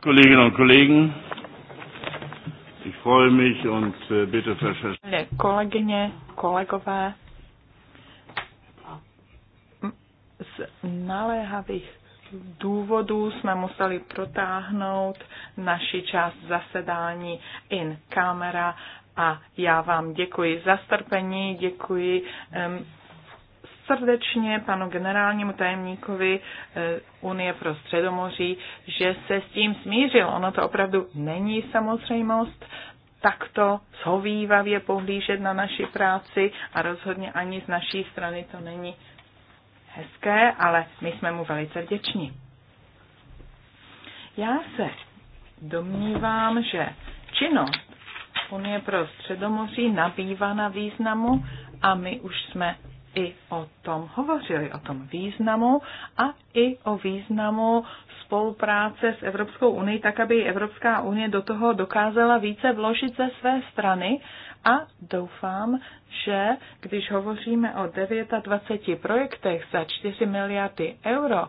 Kolleginnen und Kollegen, ich freue mich und äh, bitte verstehen. Kolegyně, kolegové, z naléhavých důvodů jsme museli protáhnout naši část zasedání in camera a já vám děkuji za strpení, děkuji um, srdečně panu generálnímu tajemníkovi eh, Unie pro Středomoří, že se s tím smířil. Ono to opravdu není samozřejmost takto zhovývavě pohlížet na naši práci a rozhodně ani z naší strany to není hezké, ale my jsme mu velice vděční. Já se domnívám, že činnost Unie pro Středomoří nabývá na významu a my už jsme i o tom hovořili, o tom významu a i o významu spolupráce s Evropskou unii, tak aby Evropská unie do toho dokázala více vložit ze své strany a doufám, že když hovoříme o 29 projektech za 4 miliardy euro,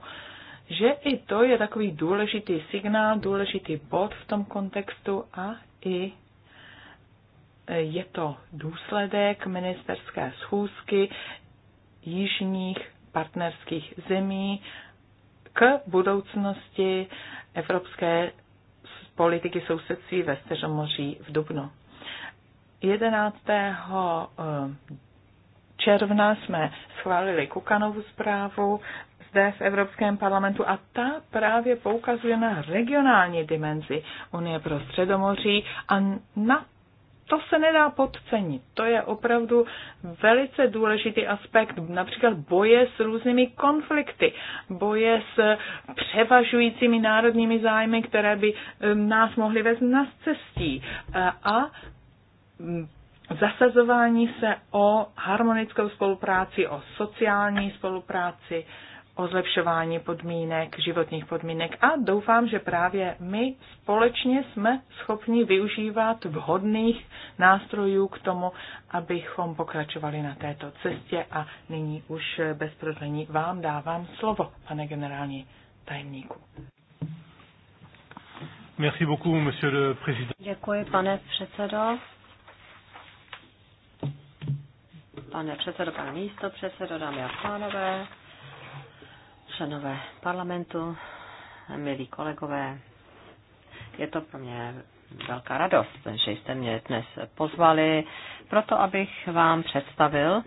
že i to je takový důležitý signál, důležitý bod v tom kontextu a i je to důsledek ministerské schůzky, jižních partnerských zemí k budoucnosti evropské politiky sousedství ve Steřomoří v Dubnu. 11. Eh, června jsme schválili Kukanovu zprávu zde v Evropském parlamentu a ta právě poukazuje na regionální dimenzi Unie pro Středomoří a na to se nedá podcenit. To je opravdu velice důležitý aspekt například boje s různými konflikty, boje s převažujícími národními zájmy, které by nás mohly vést na cestí. E, a zasazování se o harmonickou spolupráci, o sociální spolupráci, o zlepšování podmínek, životních podmínek a doufám, že právě my společně jsme schopni využívat vhodných nástrojů k tomu, abychom pokračovali na této cestě a nyní už bez prodlení vám dávám slovo, pane generální tajemníku. Merci beaucoup, monsieur le président. Děkuji, pane předsedo. Pane předsedo, pane místo předsedo, dámy a pánové, členové parlamentu, milí kolegové, je to pro mě velká radost, že jste mě dnes pozvali, proto abych vám představil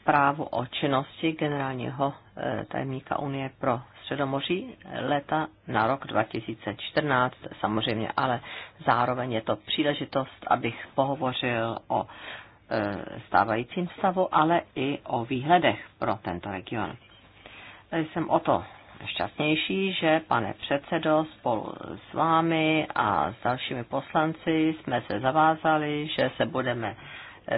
zprávu o činnosti generálního eh, tajemníka Unie pro Středomoří leta na rok 2014 samozřejmě, ale zároveň je to příležitost, abych pohovořil o E, stávajícím stavu, ale i o výhledech pro tento region. Jsem o to šťastnější, že pane předsedo, spolu s vámi a s dalšími poslanci jsme se zavázali, že se budeme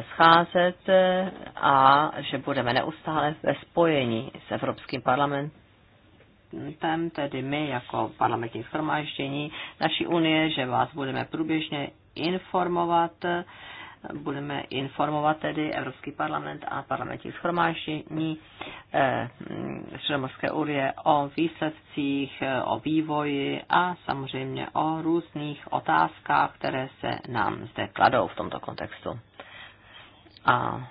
scházet e, a že budeme neustále ve spojení s Evropským parlamentem, tedy my jako parlamentní schromáždění naší unie, že vás budeme průběžně informovat budeme informovat tedy Evropský parlament a parlamentní schromáždění eh, Středomorské unie o výsledcích, o vývoji a samozřejmě o různých otázkách, které se nám zde kladou v tomto kontextu. A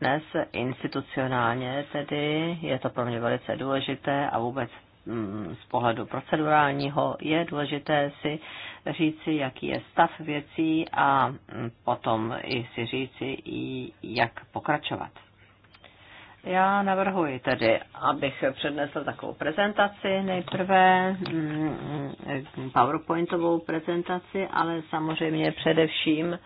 dnes institucionálně tedy je to pro mě velice důležité a vůbec Mm, z pohledu procedurálního je důležité si říci, jaký je stav věcí a mm, potom i si říci, jak pokračovat. Já navrhuji tedy, abych přednesl takovou prezentaci nejprve, mm, PowerPointovou prezentaci, ale samozřejmě především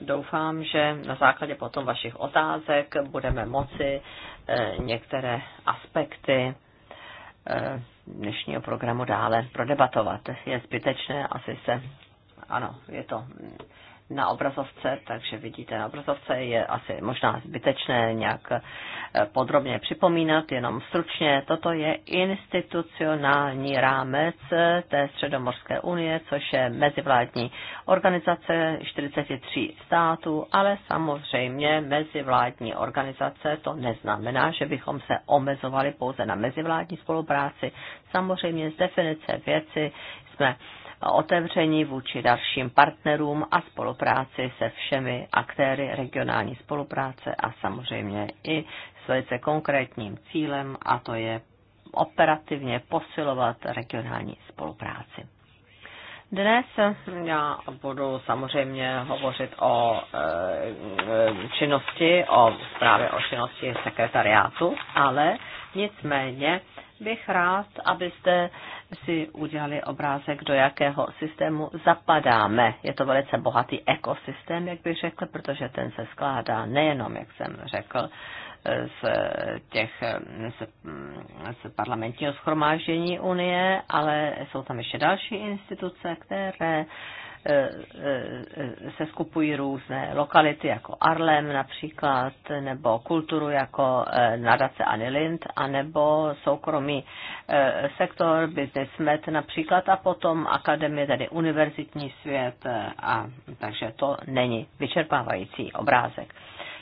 doufám, že na základě potom vašich otázek budeme moci eh, některé aspekty eh, dnešního programu dále prodebatovat. Je zbytečné asi se, ano, je to na obrazovce, takže vidíte na obrazovce, je asi možná zbytečné nějak eh, podrobně připomínat, jenom stručně. Toto je institucionální rámec eh, té Středomorské unie, což je mezivládní organizace 43 států, ale samozřejmě mezivládní organizace to neznamená, že bychom se omezovali pouze na mezivládní spolupráci. Samozřejmě z definice věci jsme otevření vůči dalším partnerům a spolupráci se všemi aktéry regionální spolupráce a samozřejmě i s velice konkrétním cílem, a to je operativně posilovat regionální spolupráci. Dnes já budu samozřejmě hovořit o e, činnosti, o zprávě o činnosti sekretariátu, ale nicméně bych rád, abyste si udělali obrázek, do jakého systému zapadáme. Je to velice bohatý ekosystém, jak bych řekl, protože ten se skládá nejenom, jak jsem řekl, z těch z, z parlamentního schromáždění Unie, ale jsou tam ještě další instituce, které E, e, e, se skupují různé lokality jako Arlem například, nebo kulturu jako nadace Anilind, anebo soukromý sektor, business med například a potom akademie, tedy univerzitní svět a takže to není vyčerpávající obrázek.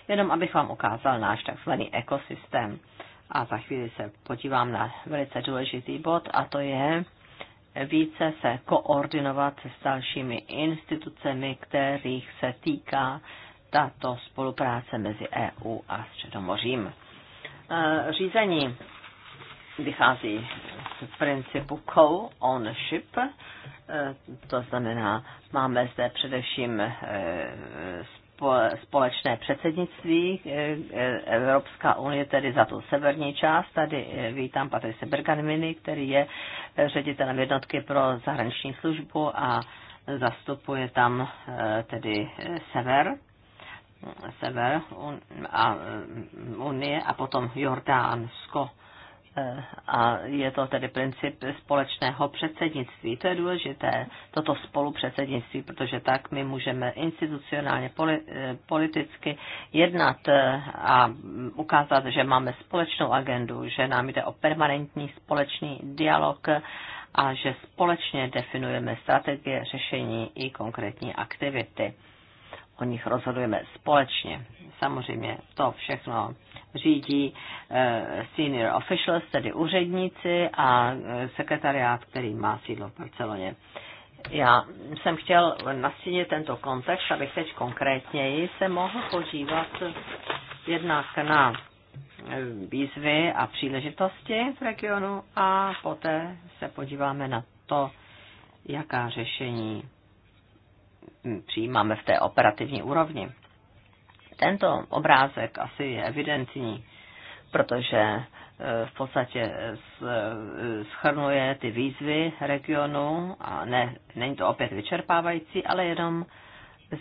Jenom abych vám ukázal náš takzvaný ekosystém. A za chvíli se podívám na velice důležitý bod a to je více se koordinovat s dalšími institucemi, kterých se týká tato spolupráce mezi EU a Středomořím. E, řízení vychází z principu co-ownership, e, to znamená, máme zde především e, společné předsednictví. Eh, eh, Evropská unie tedy za tu severní část. Tady eh, vítám Patrice Berganmini, který je ředitelem jednotky pro zahraniční službu a zastupuje tam tedy sever sever a Unie a potom Jordánsko Eh, a je to tedy princip společného předsednictví. To je důležité, toto spolupředsednictví, protože tak my můžeme institucionálně, eh, politicky jednat eh, a ukázat, že máme společnou agendu, že nám jde o permanentní společný dialog a že společně definujeme strategie, řešení i konkrétní aktivity. O nich rozhodujeme společně. Samozřejmě to všechno řídí eh, senior officials, tedy úředníci a eh, sekretariát, který má sídlo v Barceloně. Já jsem chtěl nastínit tento kontext, abych teď konkrétněji se mohl podívat jednak na eh, výzvy a příležitosti v regionu a poté se podíváme na to, jaká řešení hm, přijímáme v té operativní úrovni. Tento obrázek asi je evidentní, protože e, v podstatě e, schrnuje ty výzvy regionu a ne, není to opět vyčerpávající, ale jenom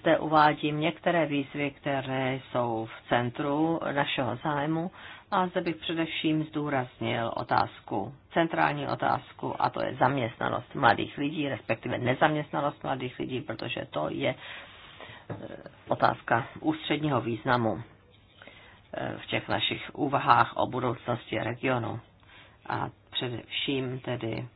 zde uvádím některé výzvy, které jsou v centru našeho zájmu a zde bych především zdůraznil otázku, centrální otázku, a to je zaměstnanost mladých lidí, respektive nezaměstnanost mladých lidí, protože to je Eh, otázka ústředního významu eh, v těch našich úvahách o budoucnosti regionu. A především tedy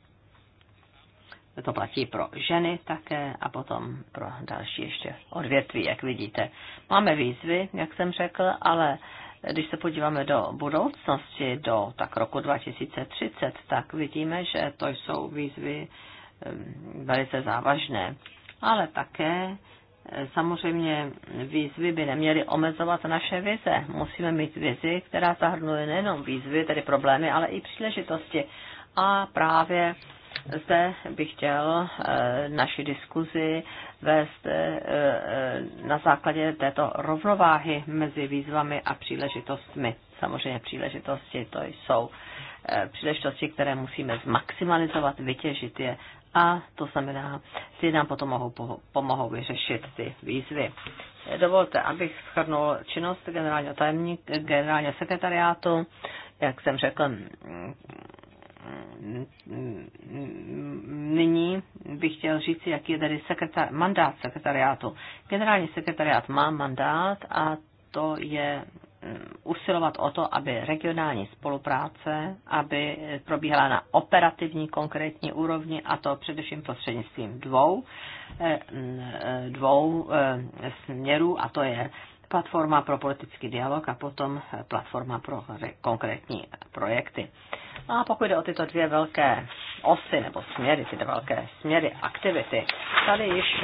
to platí pro ženy také a potom pro další ještě odvětví, jak vidíte. Máme výzvy, jak jsem řekl, ale když se podíváme do budoucnosti, do tak roku 2030, tak vidíme, že to jsou výzvy eh, velice závažné, ale také samozřejmě výzvy by neměly omezovat naše vize. Musíme mít vizi, která zahrnuje nejenom výzvy, tedy problémy, ale i příležitosti. A právě zde bych chtěl eh, naši diskuzi vést eh, eh, na základě této rovnováhy mezi výzvami a příležitostmi. Samozřejmě příležitosti to jsou příležitosti, které musíme zmaximalizovat, vytěžit je a to znamená, ty nám potom mohou, pomohou vyřešit ty výzvy. Dovolte, abych shrnul činnost generálního tajemníka, generálního sekretariátu. Jak jsem řekl, mm, mm, mm, nyní bych chtěl říct, jaký je tady sekretar, mandát sekretariátu. Generální sekretariát má mandát a to je usilovat o to, aby regionální spolupráce, aby probíhala na operativní konkrétní úrovni a to především prostřednictvím dvou, eh, eh, dvou eh, směrů a to je platforma pro politický dialog a potom platforma pro konkrétní projekty. No a pokud jde o tyto dvě velké osy nebo směry, ty dvě velké směry, aktivity, tady již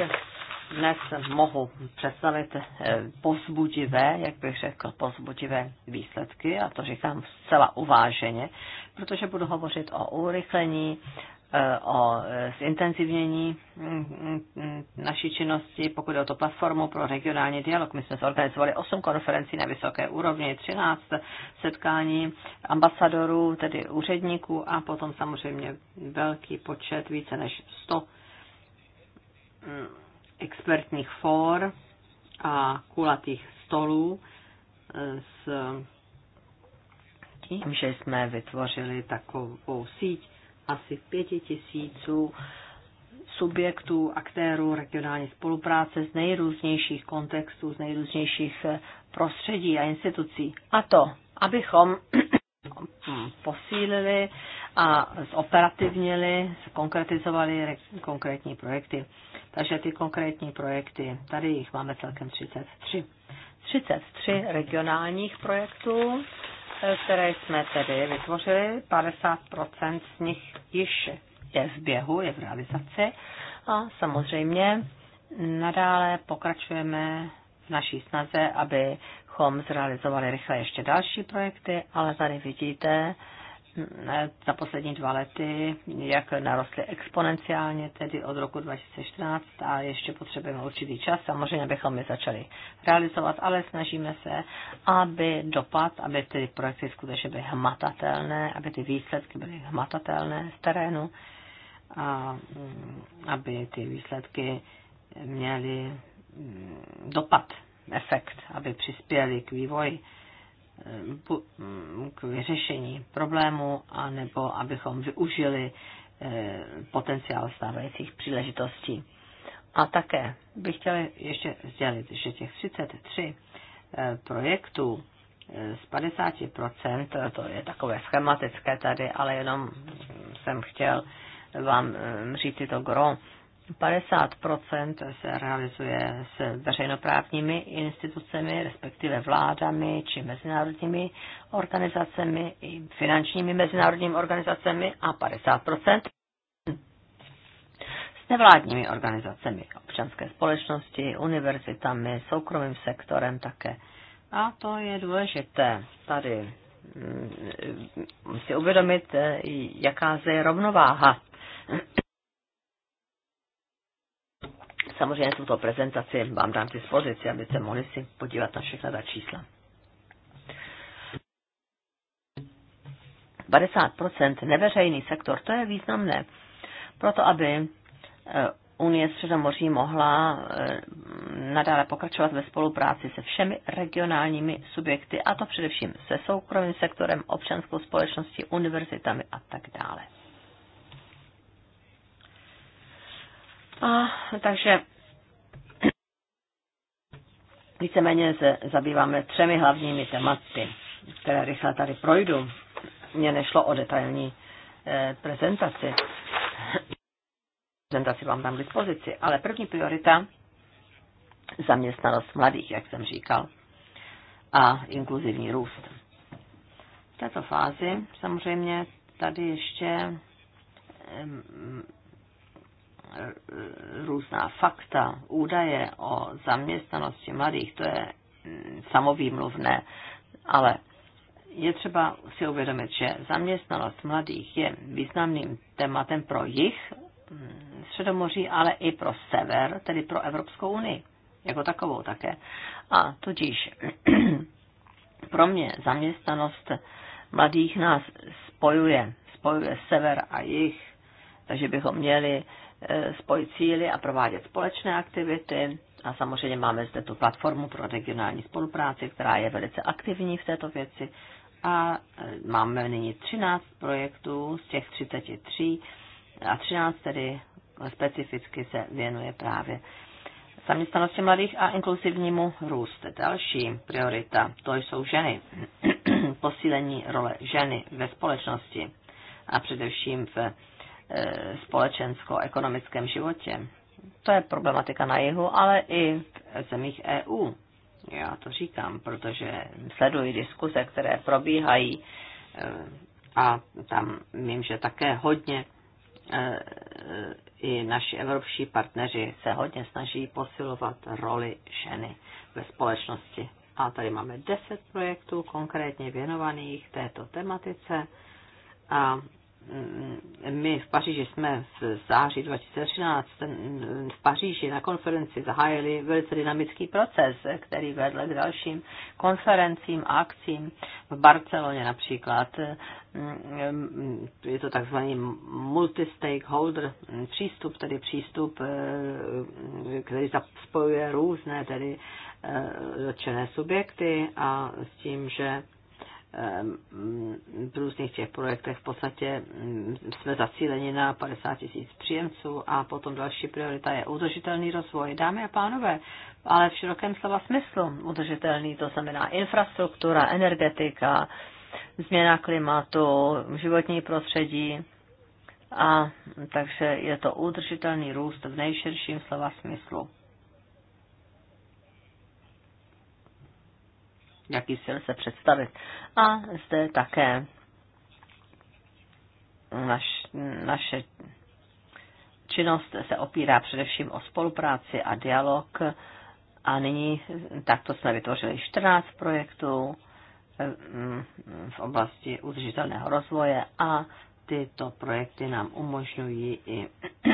dnes mohu představit eh, pozbudivé, jak bych řekl, pozbudivé výsledky, a to říkám zcela uváženě, protože budu hovořit o urychlení, eh, o eh, zintenzivnění mm, mm, mm, naší činnosti, pokud je o to platformu pro regionální dialog. My jsme zorganizovali 8 konferencí na vysoké úrovni, 13 setkání ambasadorů, tedy úředníků a potom samozřejmě velký počet, více než 100 expertních fór a kulatých stolů e, s tím, že jsme vytvořili takovou síť asi pěti tisíců subjektů, aktérů regionální spolupráce z nejrůznějších kontextů, z nejrůznějších e, prostředí a institucí. A to, abychom posílili a zoperativnili, konkretizovali konkrétní projekty. Takže ty konkrétní projekty, tady jich máme celkem 33. 33 regionálních projektů, eh, které jsme tedy vytvořili, 50% z nich již je v běhu, je v realizaci a samozřejmě nadále pokračujeme v naší snaze, abychom zrealizovali rychle ještě další projekty, ale tady vidíte, za poslední dva lety, jak narostly exponenciálně, tedy od roku 2014 a ještě potřebujeme určitý čas, samozřejmě bychom je začali realizovat, ale snažíme se, aby dopad, aby ty projekty skutečně byly hmatatelné, aby ty výsledky byly hmatatelné z terénu a mm, aby ty výsledky měly mm, dopad, efekt, aby přispěly k vývoji Mm, k vyřešení problému, anebo abychom využili eh, potenciál stávajících příležitostí. A také bych chtěla ještě sdělit, že těch 33 eh, projektů eh, z 50%, to je takové schematické tady, ale jenom jsem chtěl vám říct to gro, 50 se realizuje s veřejnoprávními institucemi, respektive vládami či mezinárodními organizacemi, i finančními mezinárodními organizacemi a 50 s nevládními organizacemi, občanské společnosti, univerzitami, soukromým sektorem také. A to je důležité tady mm, si uvědomit, eh, jaká je rovnováha Samozřejmě tuto prezentaci vám dám k dispozici, abyste mohli si podívat na všechna ta čísla. 50 neveřejný sektor, to je významné. Proto, aby e, Unie Středomoří mohla e, nadále pokračovat ve spolupráci se všemi regionálními subjekty, a to především se soukromým sektorem, občanskou společností, univerzitami a tak dále. A, takže Víceméně se zabýváme třemi hlavními tématy, které rychle tady projdu. Mně nešlo o detailní eh, prezentaci. Prezentaci vám dám k dispozici, ale první priorita zaměstnanost mladých, jak jsem říkal, a inkluzivní růst. V této fázi samozřejmě tady ještě různá fakta, údaje o zaměstnanosti mladých, to je samovýmluvné, ale je třeba si uvědomit, že zaměstnanost mladých je významným tématem pro jich mm, Středomoří, ale i pro sever, tedy pro Evropskou unii jako takovou také. A tudíž pro mě zaměstnanost mladých nás spojuje, spojuje sever a jich, takže bychom měli E, spojit síly a provádět společné aktivity. A samozřejmě máme zde tu platformu pro regionální spolupráci, která je velice aktivní v této věci. A e, máme nyní 13 projektů z těch 33 a 13 tedy specificky se věnuje právě zaměstnanosti mladých a inkluzivnímu růst. Další priorita, to jsou ženy. Posílení role ženy ve společnosti a především v společensko-ekonomickém životě. To je problematika na jihu, ale i v zemích EU. Já to říkám, protože sleduji diskuze, které probíhají e, a tam vím, že také hodně e, e, i naši evropští partneři se hodně snaží posilovat roli ženy ve společnosti. A tady máme deset projektů konkrétně věnovaných této tematice a my v Paříži jsme v září 2013 v Paříži na konferenci zahájili velice dynamický proces, který vedl k dalším konferencím a akcím. V Barceloně například mm, je to takzvaný multi-stakeholder přístup, tedy přístup, eh, který spojuje různé tedy eh, dotčené subjekty a s tím, že Ehm, v různých těch projektech v podstatě mm, jsme zacíleni na 50 tisíc příjemců a potom další priorita je udržitelný rozvoj. Dámy a pánové, ale v širokém slova smyslu udržitelný, to znamená infrastruktura, energetika, změna klimatu, životní prostředí, a takže je to udržitelný růst v nejširším slova smyslu. jaký styl se představit. A zde také naš, naše činnost se opírá především o spolupráci a dialog. A nyní takto jsme vytvořili 14 projektů mm, v oblasti udržitelného rozvoje a tyto projekty nám umožňují i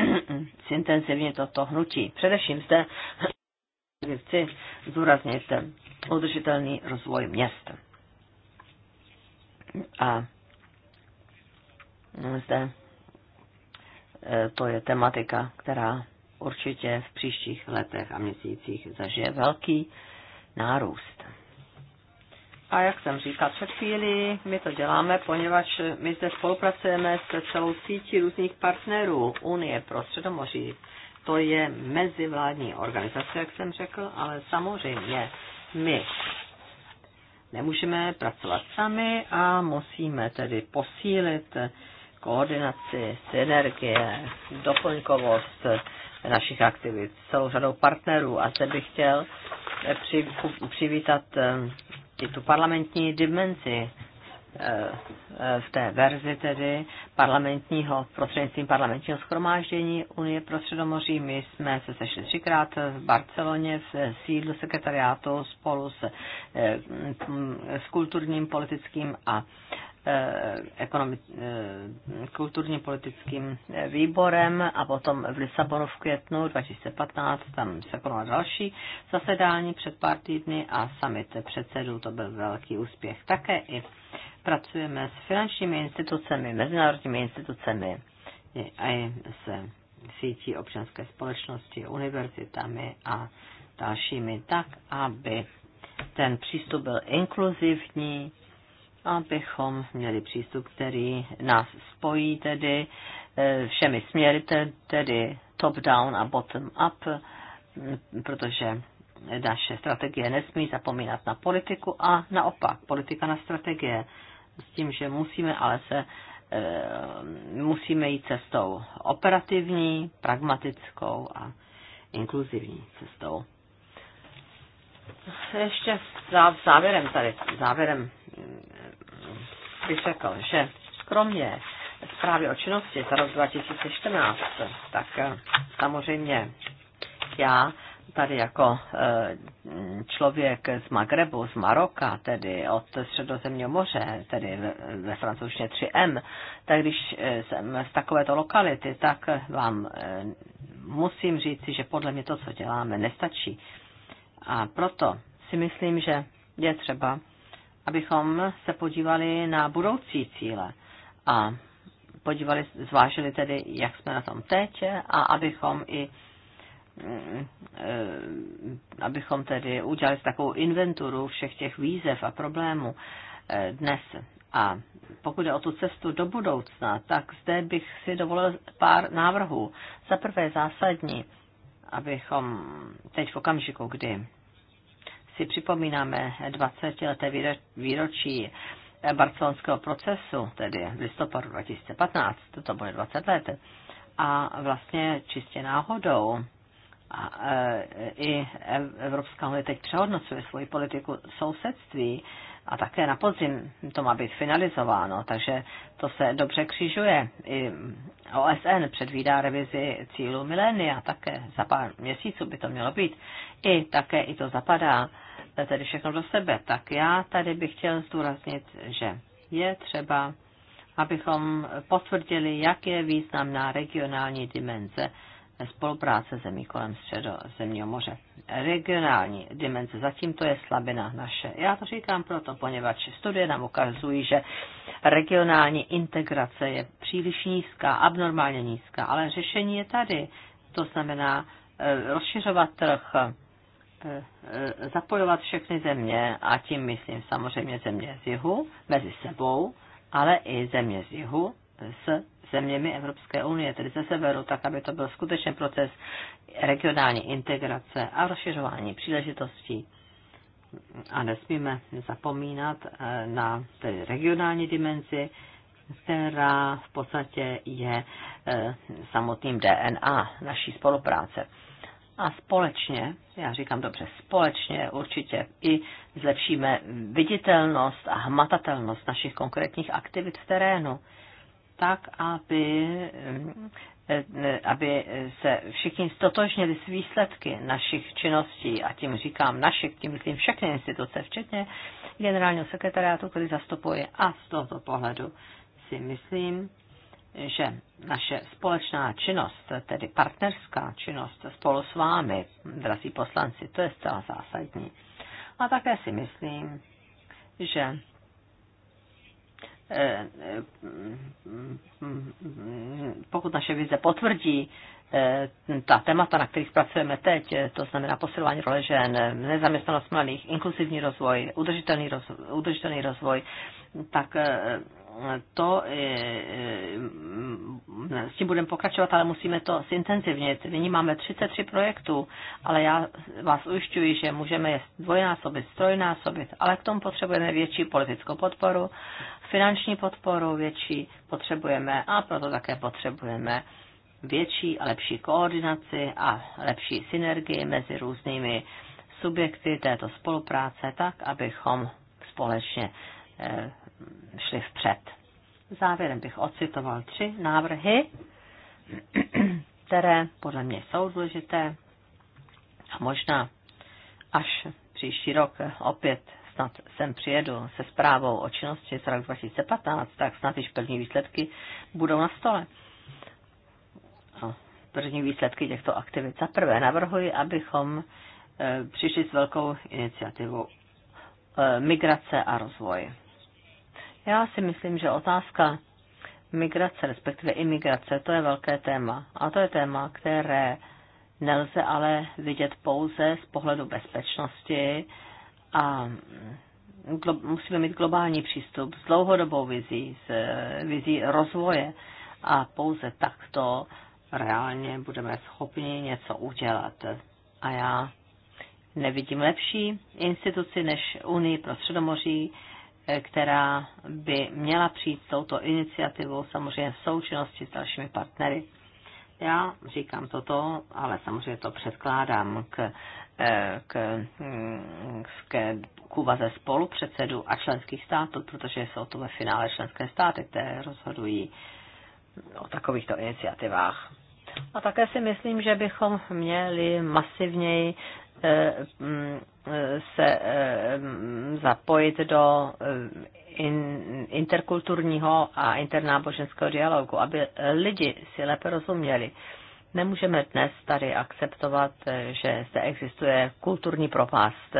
zintenzivně toto hnutí. Především zde kdy chci zúraznit udržitelný rozvoj měst. A zde e, to je tematika, která určitě v příštích letech a měsících zažije velký nárůst. A jak jsem říkal před chvíli, my to děláme, poněvadž my zde spolupracujeme s celou sítí různých partnerů Unie pro Středomoří, to je mezivládní organizace, jak jsem řekl, ale samozřejmě my nemůžeme pracovat sami a musíme tedy posílit koordinaci, synergie, doplňkovost našich aktivit s celou řadou partnerů. A zde bych chtěl přivítat eh, i tu parlamentní dimenzi eh, Eh, v té verzi tedy parlamentního, prostřednictvím parlamentního schromáždění Unie pro Středomoří. My jsme se sešli třikrát v Barceloně v sídlu sekretariátu spolu s, eh, s kulturním, politickým a eh, kulturně politickým výborem a potom v Lisabonu v květnu 2015 tam se konalo další zasedání před pár týdny a summit předsedů, to byl velký úspěch. Také i pracujeme s finančními institucemi, mezinárodními institucemi a se sítí občanské společnosti, univerzitami a dalšími, tak aby ten přístup byl inkluzivní, abychom měli přístup, který nás spojí tedy e, všemi směry, tedy top-down a bottom-up, protože naše strategie nesmí zapomínat na politiku a naopak politika na strategie s tím, že musíme ale se eh, musíme jít cestou operativní, pragmatickou a inkluzivní cestou. Ještě závěrem tady, závěrem eh, bych řekl, že kromě zprávy o činnosti za rok 2014, tak eh, samozřejmě já tady jako e, člověk z Magrebu, z Maroka, tedy od Středozemního moře, tedy ve francouzštině 3M, tak když e, jsem z takovéto lokality, tak vám e, musím říci, že podle mě to, co děláme, nestačí. A proto si myslím, že je třeba, abychom se podívali na budoucí cíle a podívali, zvážili tedy, jak jsme na tom teď a abychom i Eh, abychom tedy udělali takovou inventuru všech těch výzev a problémů eh, dnes. A pokud je o tu cestu do budoucna, tak zde bych si dovolil pár návrhů. Za prvé zásadní, abychom teď v okamžiku, kdy si připomínáme 20-leté výročí eh, barcelonského procesu, tedy v listopadu 2015, to bude 20 let, a vlastně čistě náhodou a, e, i Evropská unie teď přehodnocuje svoji politiku sousedství a také na podzim to má být finalizováno, takže to se dobře křižuje. I OSN předvídá revizi cílu milénia, také za pár měsíců by to mělo být. I také i to zapadá e, tedy všechno do sebe. Tak já tady bych chtěl zdůraznit, že je třeba, abychom potvrdili, jak je významná regionální dimenze spolupráce zemí kolem středozemního moře. Regionální dimenze, zatím to je slabina naše. Já to říkám proto, poněvadž studie nám ukazují, že regionální integrace je příliš nízká, abnormálně nízká, ale řešení je tady. To znamená e, rozšiřovat trh, e, e, zapojovat všechny země, a tím myslím samozřejmě země z jihu, mezi sebou, ale i země z jihu s zeměmi Evropské unie, tedy ze severu, tak aby to byl skutečně proces regionální integrace a rozšiřování příležitostí. A nesmíme zapomínat eh, na tedy regionální dimenzi, která v podstatě je eh, samotným DNA naší spolupráce. A společně, já říkám dobře, společně určitě i zlepšíme viditelnost a hmatatelnost našich konkrétních aktivit v terénu tak, aby, aby se všichni stotožnili s výsledky našich činností, a tím říkám našich, tím myslím všechny instituce, včetně generálního sekretariátu, který zastupuje. A z tohoto pohledu si myslím, že naše společná činnost, tedy partnerská činnost spolu s vámi, drazí poslanci, to je zcela zásadní. A také si myslím, že pokud naše vize potvrdí eh, ta témata, na kterých pracujeme teď, eh, to znamená posilování role žen, nezaměstnanost mladých, inkluzivní rozvoj, udržitelný rozvoj, udržitelný rozvoj tak eh, to eh, eh, s tím budeme pokračovat, ale musíme to zintenzivnit. Nyní máme 33 projektů, ale já vás ujišťuji, že můžeme je dvojnásobit, strojnásobit, ale k tomu potřebujeme větší politickou podporu, finanční podporu větší potřebujeme a proto také potřebujeme větší a lepší koordinaci a lepší synergii mezi různými subjekty této spolupráce, tak abychom společně eh, šli vpřed. Závěrem bych ocitoval tři návrhy, které podle mě jsou důležité a možná až příští rok opět snad sem přijedu se zprávou o činnosti z roku 2015, tak snad již první výsledky budou na stole. první výsledky těchto aktivit. Za prvé navrhuji, abychom e, přišli s velkou iniciativou e, migrace a rozvoj. Já si myslím, že otázka migrace, respektive imigrace, to je velké téma. A to je téma, které nelze ale vidět pouze z pohledu bezpečnosti a musíme mít globální přístup s dlouhodobou vizí, s eh, vizí rozvoje a pouze takto reálně budeme schopni něco udělat. A já nevidím lepší instituci než Unii pro Středomoří, která by měla přijít s touto iniciativou, samozřejmě v součinnosti s dalšími partnery. Já říkám toto, ale samozřejmě to předkládám k, eh, k, mm, k, k úvaze spolupředsedů a členských států, protože jsou to ve finále členské státy, které rozhodují o takovýchto iniciativách. A také si myslím, že bychom měli masivněji Eh, mm, se eh, mm, zapojit do eh, interkulturního a internáboženského dialogu, aby lidi si lépe rozuměli. Nemůžeme dnes tady akceptovat, že zde existuje kulturní propast,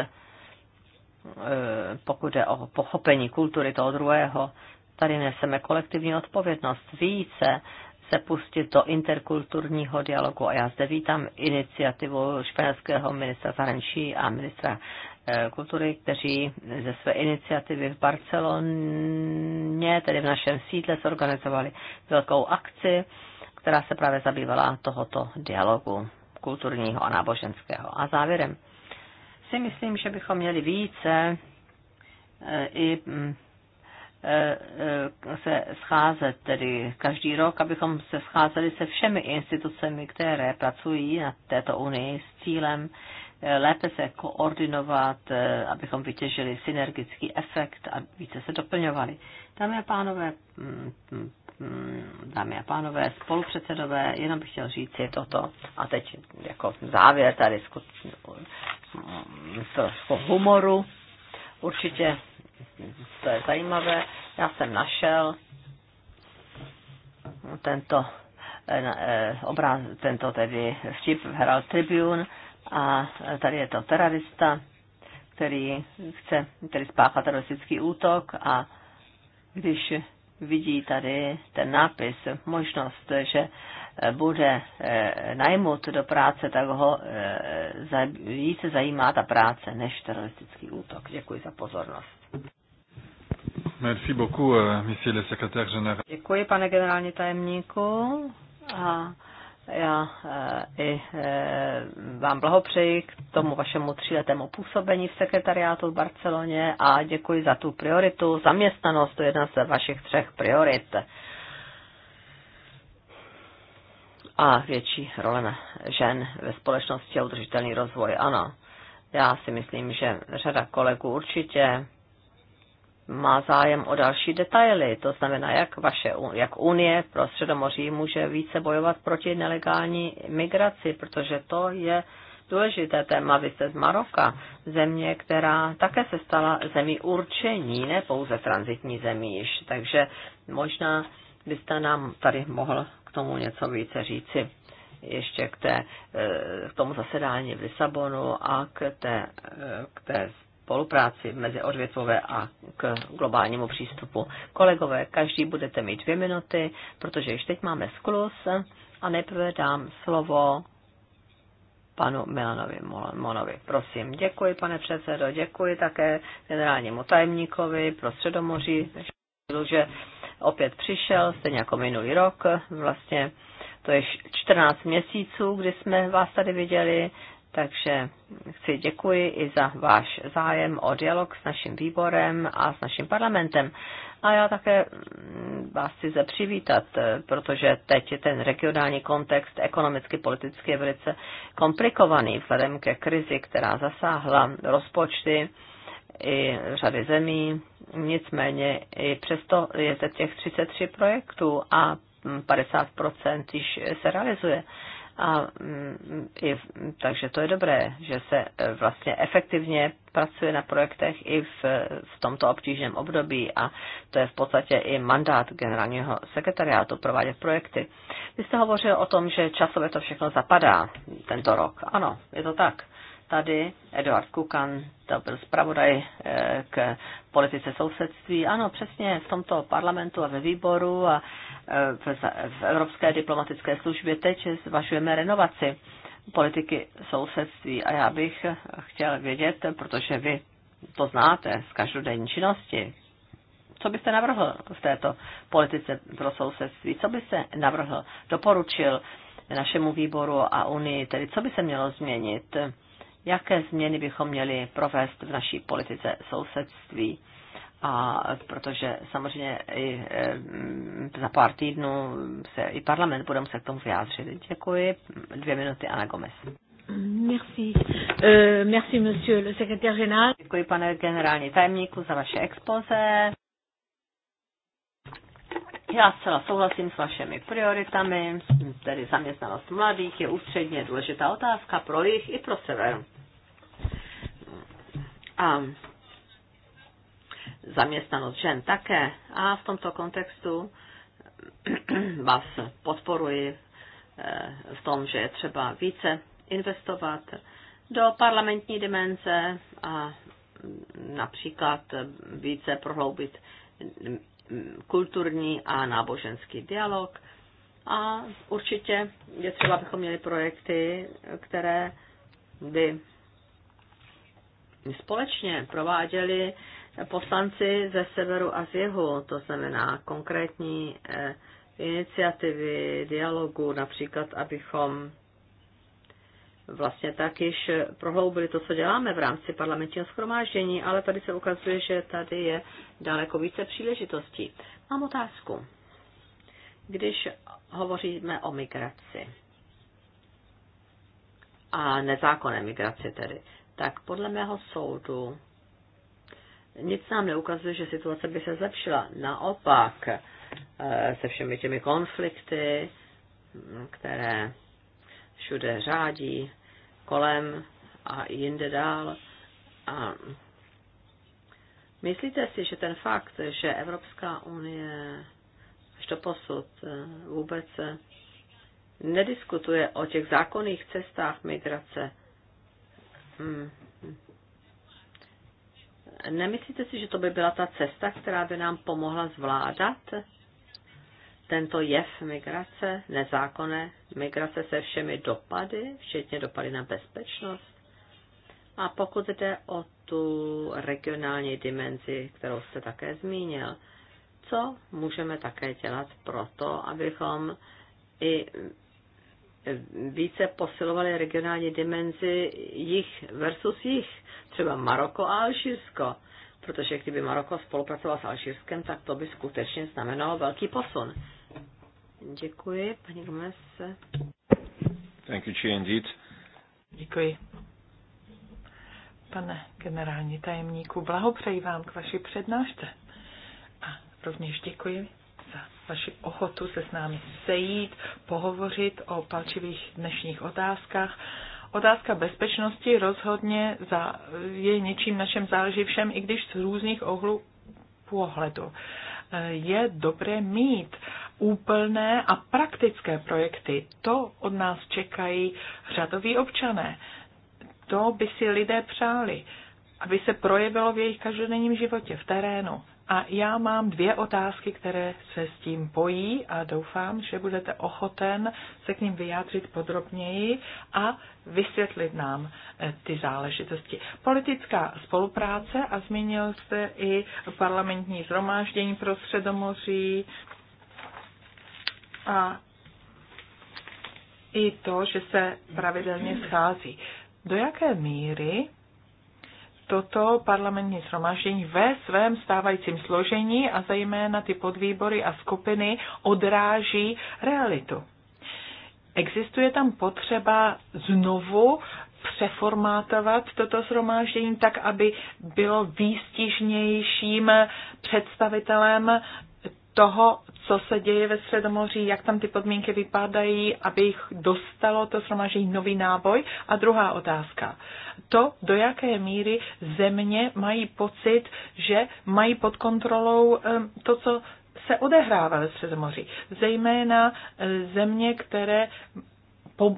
pokud je o pochopení kultury toho druhého. Tady neseme kolektivní odpovědnost více se pustit do interkulturního dialogu. A já zde vítám iniciativu španělského ministra zahraničí a ministra eh, kultury, kteří ze své iniciativy v Barceloně, tedy v našem sídle, zorganizovali velkou akci, která se právě zabývala tohoto dialogu kulturního a náboženského. A závěrem si myslím, že bychom měli více eh, i mm, Eh, eh, se scházet, tedy každý rok, abychom se scházeli se všemi institucemi, které pracují na této unii s cílem eh, lépe se koordinovat, abychom vytěžili synergický efekt a více se doplňovali. Dámy a pánové, mm, mm, dámy a pánové, spolupředsedové, jenom bych chtěl říct je toto a teď jako závěr tady trošku mm, humoru. Určitě to je zajímavé. Já jsem našel tento eh, eh, obraz, tento tedy vtip v Herald Tribune a tady je to terorista, který chce který spáchat teroristický útok a když vidí tady ten nápis, možnost, že eh, bude najmut do práce, tak ho více zajímá ta práce než teroristický útok. Děkuji za pozornost. Merci beaucoup, euh, monsieur le secrétaire général. Děkuji, pane generální tajemníku. A já eh, i eh, vám blahopřeji k tomu vašemu tříletému působení v sekretariátu v Barceloně a děkuji za tu prioritu. Zaměstnanost to je jedna z vašich třech priorit. A větší role na žen ve společnosti a udržitelný rozvoj, ano. Já si myslím, že řada kolegů určitě má zájem o další detaily, to znamená, jak, vaše, jak Unie pro Středomoří může více bojovat proti nelegální migraci, protože to je důležité téma. Vy jste z Maroka, země, která také se stala zemí určení, ne pouze transitní zemí již. Takže možná byste nám tady mohl k tomu něco více říci ještě k, té, eh, k tomu zasedání v Lisabonu a k té, eh, k té spolupráci mezi odvětvové a k globálnímu přístupu. Kolegové, každý budete mít dvě minuty, protože již teď máme sklus a nejprve dám slovo panu Milanovi Monovi. Prosím, děkuji, pane předsedo, děkuji také generálnímu tajemníkovi pro Středomoří, že opět přišel, stejně jako minulý rok, vlastně to je 14 měsíců, kdy jsme vás tady viděli, takže chci děkuji i za váš zájem o dialog s naším výborem a s naším parlamentem. A já také vás chci zapřivítat, protože teď je ten regionální kontext ekonomicky, politicky je velice komplikovaný vzhledem ke krizi, která zasáhla rozpočty i řady zemí. Nicméně i přesto je ze těch 33 projektů a 50% již se realizuje. A, mm, i, takže to je dobré, že se e, vlastně efektivně pracuje na projektech i v, v tomto obtížném období a to je v podstatě i mandát generálního sekretariátu provádět projekty. Vy jste hovořil o tom, že časově to všechno zapadá tento rok. Ano, je to tak. Tady Eduard Kukan, to byl zpravodaj e, k politice sousedství. Ano, přesně v tomto parlamentu a ve výboru a v, Evropské diplomatické službě teď zvažujeme renovaci politiky sousedství a já bych chtěl vědět, protože vy to znáte z každodenní činnosti, co byste navrhl v této politice pro sousedství? Co byste navrhl, doporučil našemu výboru a Unii? Tedy co by se mělo změnit? Jaké změny bychom měli provést v naší politice sousedství? a protože samozřejmě i eh, za pár týdnů se i parlament bude muset k tomu vyjádřit. Děkuji. Dvě minuty, Ana Gomez. Merci. Uh, merci, monsieur le secrétaire général. Děkuji, pane generální tajemníku, za vaše expoze. Já zcela souhlasím s vašimi prioritami, tedy zaměstnanost mladých je ústředně důležitá otázka pro jich i pro sever. A zaměstnanost žen také. A v tomto kontextu vás podporuji eh, v tom, že je třeba více investovat do parlamentní dimenze a například více prohloubit kulturní a náboženský dialog. A určitě je třeba, abychom měli projekty, které by společně prováděli poslanci ze severu a z jihu, to znamená konkrétní eh, iniciativy, dialogu, například, abychom vlastně tak již prohloubili to, co děláme v rámci parlamentního schromáždění, ale tady se ukazuje, že tady je daleko více příležitostí. Mám otázku. Když hovoříme o migraci, a nezákonné migraci tedy, tak podle mého soudu nic nám neukazuje, že situace by se zlepšila. Naopak, eh, se všemi těmi konflikty, mm, které všude řádí kolem a jinde dál. A myslíte si, že ten fakt, že Evropská unie až to posud eh, vůbec eh, nediskutuje o těch zákonných cestách migrace, hmm Nemyslíte si, že to by byla ta cesta, která by nám pomohla zvládat tento jev migrace, nezákonné migrace se všemi dopady, včetně dopady na bezpečnost? A pokud jde o tu regionální dimenzi, kterou jste také zmínil, co můžeme také dělat pro to, abychom i více posilovaly regionální dimenzi jich versus jich, třeba Maroko a Alžírsko. Protože kdyby Maroko spolupracovalo s Alžírskem, tak to by skutečně znamenalo velký posun. Děkuji, paní Gomez. Thank you, indeed. Děkuji. Pane generální tajemníku, blahopřeji vám k vaší přednášce. A rovněž děkuji vaši ochotu se s námi sejít, pohovořit o palčivých dnešních otázkách. Otázka bezpečnosti rozhodně za, je něčím našem záleží všem, i když z různých ohlů pohledu. Je dobré mít úplné a praktické projekty. To od nás čekají řadoví občané. To by si lidé přáli, aby se projevilo v jejich každodenním životě, v terénu, a já mám dvě otázky, které se s tím pojí a doufám, že budete ochoten se k ním vyjádřit podrobněji a vysvětlit nám eh, ty záležitosti. Politická spolupráce a zmínil jste i parlamentní zhromáždění pro Středomoří a i to, že se pravidelně schází. Do jaké míry toto parlamentní shromáždění ve svém stávajícím složení a zejména ty podvýbory a skupiny odráží realitu. Existuje tam potřeba znovu přeformátovat toto shromáždění tak, aby bylo výstižnějším představitelem toho, co se děje ve Středomoří, jak tam ty podmínky vypadají, aby jich dostalo to shromaždění nový náboj. A druhá otázka. To, do jaké míry země mají pocit, že mají pod kontrolou to, co se odehrává ve Středomoří. Zejména eh, země, které po,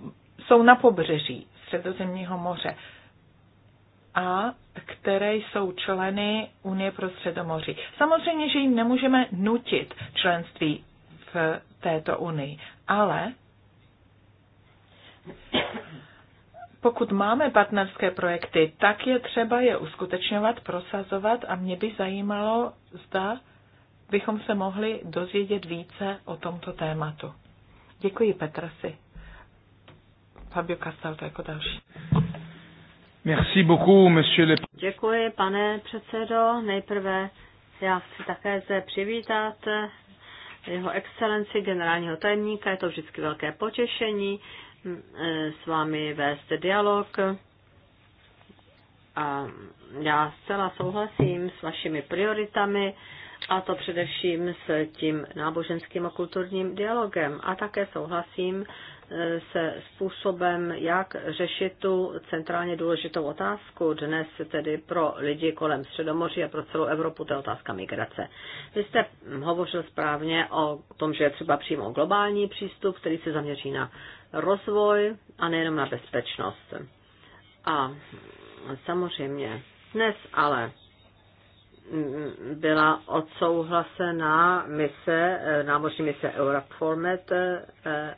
jsou na pobřeží Středozemního moře a které jsou členy Unie pro Středomoří. Samozřejmě, že jim nemůžeme nutit členství v této unii, ale pokud máme partnerské projekty, tak je třeba je uskutečňovat, prosazovat a mě by zajímalo, zda bychom se mohli dozvědět více o tomto tématu. Děkuji Petrasi. Fabio Castalto jako další. Merci beaucoup, monsieur le... Děkuji, pane předsedo. Nejprve já chci také zde přivítat jeho excelenci generálního tajemníka. Je to vždycky velké potěšení mm, eh, s vámi vést dialog. A já zcela souhlasím s vašimi prioritami, a to především s tím náboženským a kulturním dialogem. A také souhlasím se způsobem, jak řešit tu centrálně důležitou otázku dnes tedy pro lidi kolem Středomoří a pro celou Evropu, to je otázka migrace. Vy jste hovořil správně o tom, že je třeba přímo globální přístup, který se zaměří na rozvoj a nejenom na bezpečnost. A samozřejmě dnes ale byla odsouhlasená mise, námořní mise Euraformet eh,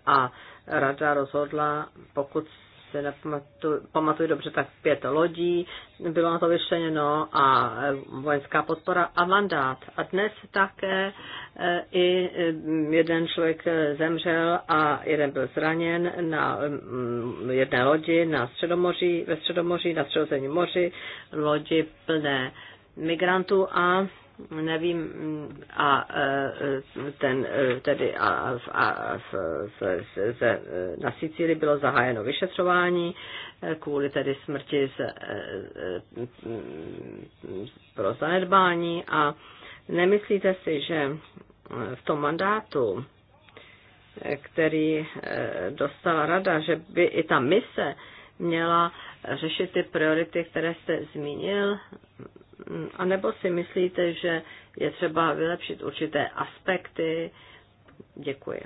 a rada rozhodla, pokud se nepamatuji dobře, tak pět lodí bylo na to vyšleněno a eh, vojenská podpora a mandát. A dnes také eh, i mm, jeden člověk eh, zemřel a jeden byl zraněn na mm, jedné lodi na Středomoří, ve Středomoří, na Středozemním moři, lodi plné migrantů a nevím, a e, e, ten e, tedy a, a, v, v, z, na Sicílii bylo zahájeno vyšetřování kvůli tedy smrti z, pro zanedbání a nemyslíte si, že v tom mandátu, který dostala rada, že by i ta mise měla řešit ty priority, které jste zmínil, a nebo si myslíte, že je třeba vylepšit určité aspekty? Děkuji.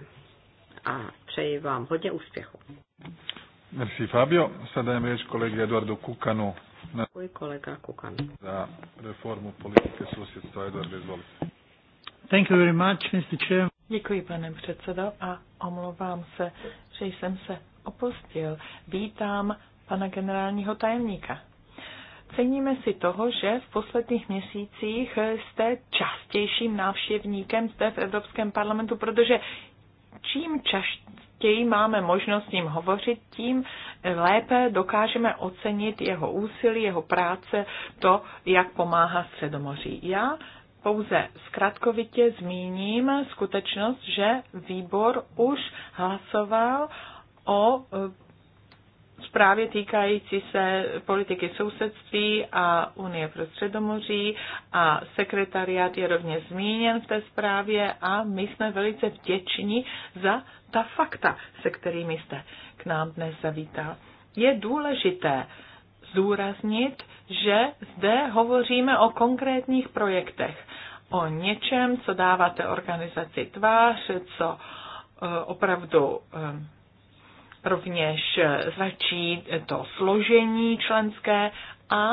A přeji vám hodně úspěchu. Merci Fabio. Sledujeme dajem kolegy Eduardo Kukanu. Děkuji kolega Kukanu? Za reformu politiky sousedstva Eduardo izvolite. Thank you very much, Mr. Chair. Děkuji, pane předsedo, a omlouvám se, že jsem se opustil. Vítám pana generálního tajemníka. Ceníme si toho, že v posledních měsících jste častějším návštěvníkem zde v Evropském parlamentu, protože čím častěji máme možnost s ním hovořit, tím lépe dokážeme ocenit jeho úsilí, jeho práce, to, jak pomáhá Středomoří. Já pouze zkratkovitě zmíním skutečnost, že výbor už hlasoval o zprávě týkající se politiky sousedství a Unie pro Středomoří a sekretariát je rovně zmíněn v té zprávě a my jsme velice vděční za ta fakta, se kterými jste k nám dnes zavítal. Je důležité zúraznit, že zde hovoříme o konkrétních projektech, o něčem, co dáváte organizaci tvář, co eh, opravdu eh, rovněž začít to složení členské a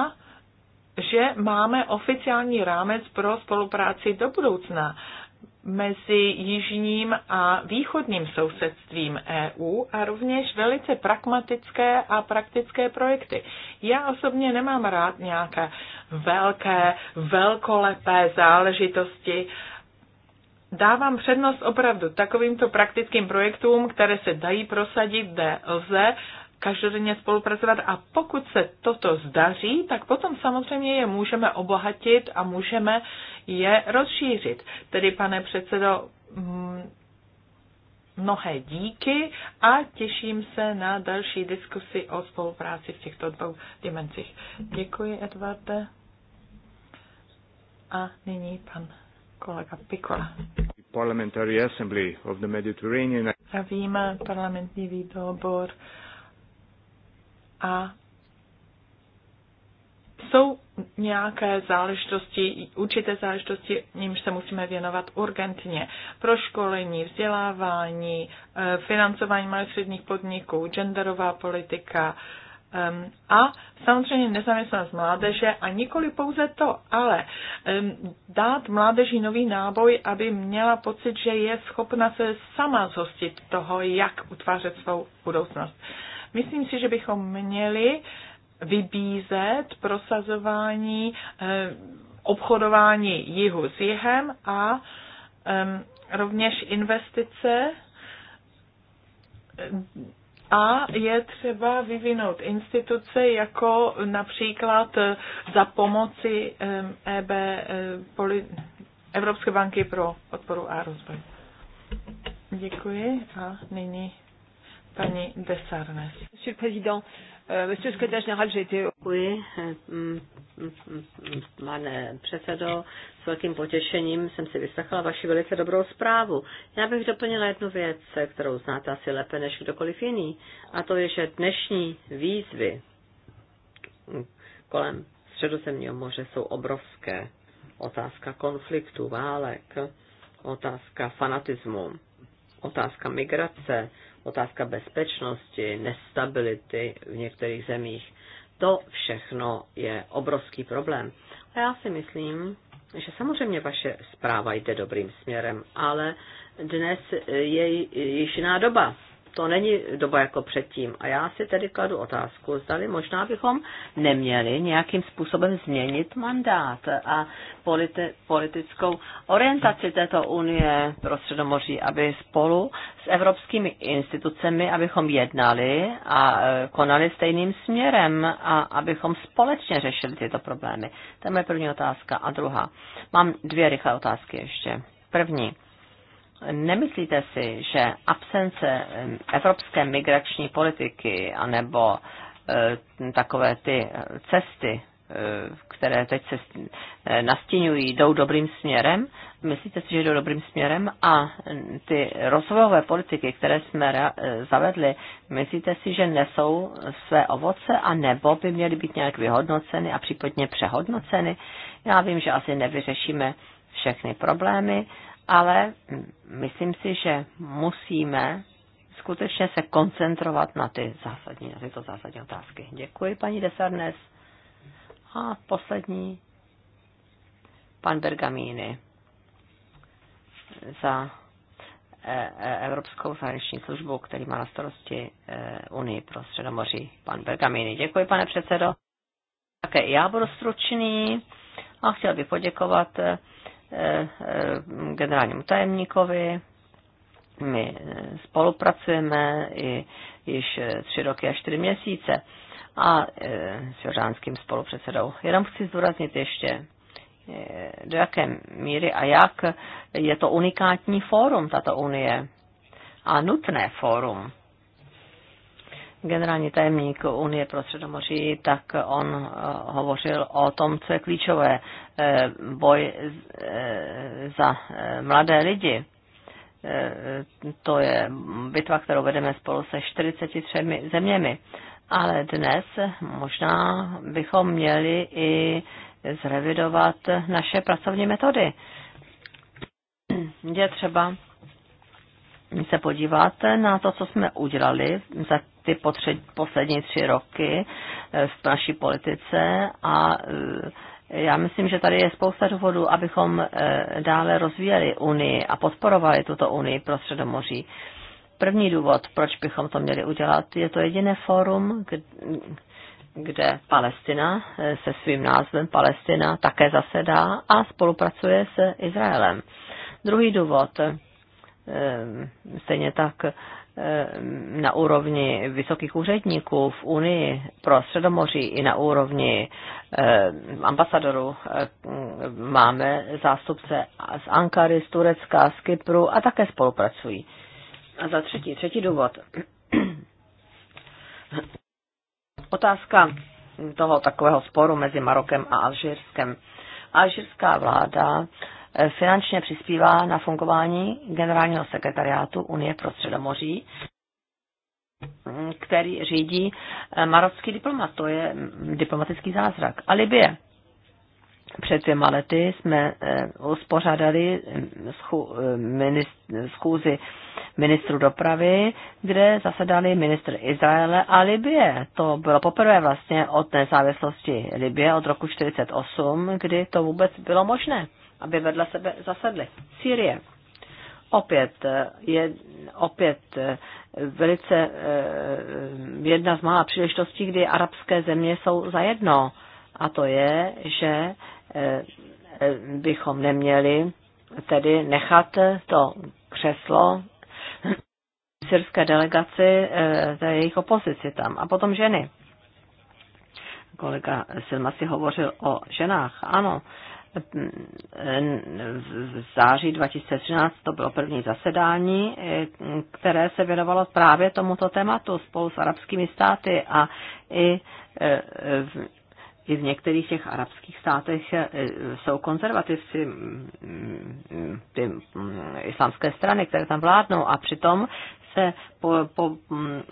že máme oficiální rámec pro spolupráci do budoucna mezi jižním a východním sousedstvím EU a rovněž velice pragmatické a praktické projekty. Já osobně nemám rád nějaké velké, velkolepé záležitosti, dávám přednost opravdu takovýmto praktickým projektům, které se dají prosadit, kde lze každodenně spolupracovat a pokud se toto zdaří, tak potom samozřejmě je můžeme obohatit a můžeme je rozšířit. Tedy, pane předsedo, mm, mnohé díky a těším se na další diskusi o spolupráci v těchto dvou dimenzích. Děkuji, Edvarde. A nyní pan kolega Pikola. Parliamentary Assembly of the Mediterranean. Zdravím parlamentní výbor a jsou nějaké záležitosti, určité záležitosti, nímž se musíme věnovat urgentně. Proškolení, vzdělávání, eh, financování malých středních podniků, genderová politika, a samozřejmě nezaměstnanost mládeže a nikoli pouze to, ale dát mládeži nový náboj, aby měla pocit, že je schopna se sama zhostit toho, jak utvářet svou budoucnost. Myslím si, že bychom měli vybízet prosazování obchodování jihu s jihem a rovněž investice a je třeba vyvinout instituce jako například za pomoci EB, e Evropské banky pro podporu a rozvoj. Děkuji a nyní paní Desarnes. Monsieur le Président, Eh, Monsieur le secrétaire général, j'ai été... Děkuji, eh, mm, mm, mm, pane předsedo, s velkým potěšením jsem si vyslechla vaši velice dobrou zprávu. Já bych doplnila jednu věc, kterou znáte asi lépe než kdokoliv jiný, a to je, že dnešní výzvy kolem Středozemního moře jsou obrovské. Otázka konfliktu, válek, otázka fanatismu, otázka migrace, otázka bezpečnosti, nestability v některých zemích. To všechno je obrovský problém. A já si myslím, že samozřejmě vaše zpráva jde dobrým směrem, ale dnes je již jiná doba to není doba jako předtím. A já si tedy kladu otázku, zdali možná bychom neměli nějakým způsobem změnit mandát a politi- politickou orientaci této unie pro Středomoří, aby spolu s evropskými institucemi, abychom jednali a e, konali stejným směrem a abychom společně řešili tyto problémy. To je moje první otázka. A druhá. Mám dvě rychlé otázky ještě. První Nemyslíte si, že absence evropské migrační politiky anebo takové ty cesty, které teď se nastínují, jdou dobrým směrem? Myslíte si, že jdou dobrým směrem? A ty rozvojové politiky, které jsme zavedli, myslíte si, že nesou své ovoce a nebo by měly být nějak vyhodnoceny a případně přehodnoceny? Já vím, že asi nevyřešíme všechny problémy, ale myslím si, že musíme skutečně se koncentrovat na, ty zásadní, na tyto zásadní otázky. Děkuji, paní Desarnes. A poslední, pan Bergamíny za e, e, Evropskou zahraniční službu, který má na starosti e, Unii pro Středomoří, pan Bergamini. Děkuji, pane předsedo. Také já budu stručný a chtěl bych poděkovat Eh, eh, generálnímu tajemníkovi. My eh, spolupracujeme i již tři roky a čtyři měsíce a s Jořánským spolupředsedou. Jenom chci zdůraznit ještě, do jaké míry a jak je to unikátní fórum, tato unie a nutné fórum generální tajemník Unie pro Středomoří, tak on eh, hovořil o tom, co je klíčové, eh, boj eh, za mladé lidi. To je bitva, kterou vedeme spolu se 43 zeměmi. Ale dnes možná bychom měli i zrevidovat naše pracovní metody. Je třeba se podívat na to, co jsme udělali za ty potře- poslední tři roky eh, v naší politice a eh, já myslím, že tady je spousta důvodů, abychom eh, dále rozvíjeli Unii a podporovali tuto Unii pro Středomoří. První důvod, proč bychom to měli udělat, je to jediné fórum, kde Palestina se svým názvem Palestina také zasedá a spolupracuje se Izraelem. Druhý důvod, stejně tak Eh, na úrovni vysokých úředníků v Unii pro Středomoří i na úrovni eh, ambasadorů eh, máme zástupce z Ankary, z Turecka, z Kypru a také spolupracují. A za třetí, třetí důvod. Otázka toho takového sporu mezi Marokem a Alžírskem. Alžírská vláda Eh, finančně přispívá na fungování generálního sekretariátu Unie pro Středomoří, mm, který řídí eh, marocký diplomat. To je mm, diplomatický zázrak. A Libie. Před dvěma lety jsme eh, uspořádali mm, schůzi ministru dopravy, kde zasedali ministr Izraele a Libie. To bylo poprvé vlastně od nezávislosti Libie od roku 1948, kdy to vůbec bylo možné aby vedle sebe zasedli. Sýrie. Opět eh, je opět eh, velice eh, jedna z mála příležitostí, kdy arabské země jsou zajedno. A to je, že bychom neměli tedy nechat to křeslo syrské delegaci, té jejich opozici tam. A potom ženy. Kolega Silma si hovořil o ženách. Ano, v září 2013 to bylo první zasedání, které se věnovalo právě tomuto tématu spolu s arabskými státy a i e, v, i v některých těch arabských státech e, jsou konzervativci ty islámské strany, které tam vládnou a přitom se po, po,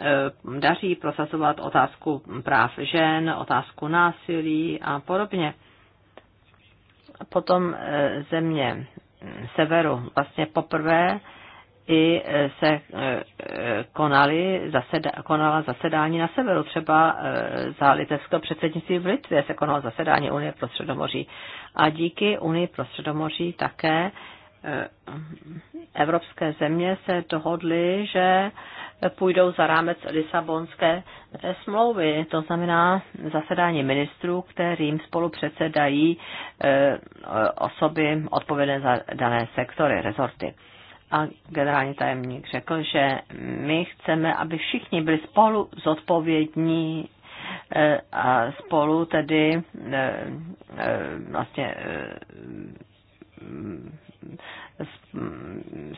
e, daří prosazovat otázku práv žen, otázku násilí a podobně potom e, země severu vlastně poprvé i e, se e, konali, zaseda, konala zasedání na severu, třeba za litevské předsednictví v Litvě se konalo zasedání Unie pro Středomoří. A díky Unii pro Středomoří také evropské země se dohodly, že půjdou za rámec Lisabonské eh, smlouvy. To znamená zasedání ministrů, kterým spolu předsedají eh, osoby odpovědné za dané sektory, rezorty. A generální tajemník řekl, že my chceme, aby všichni byli spolu zodpovědní eh, a spolu tedy vlastně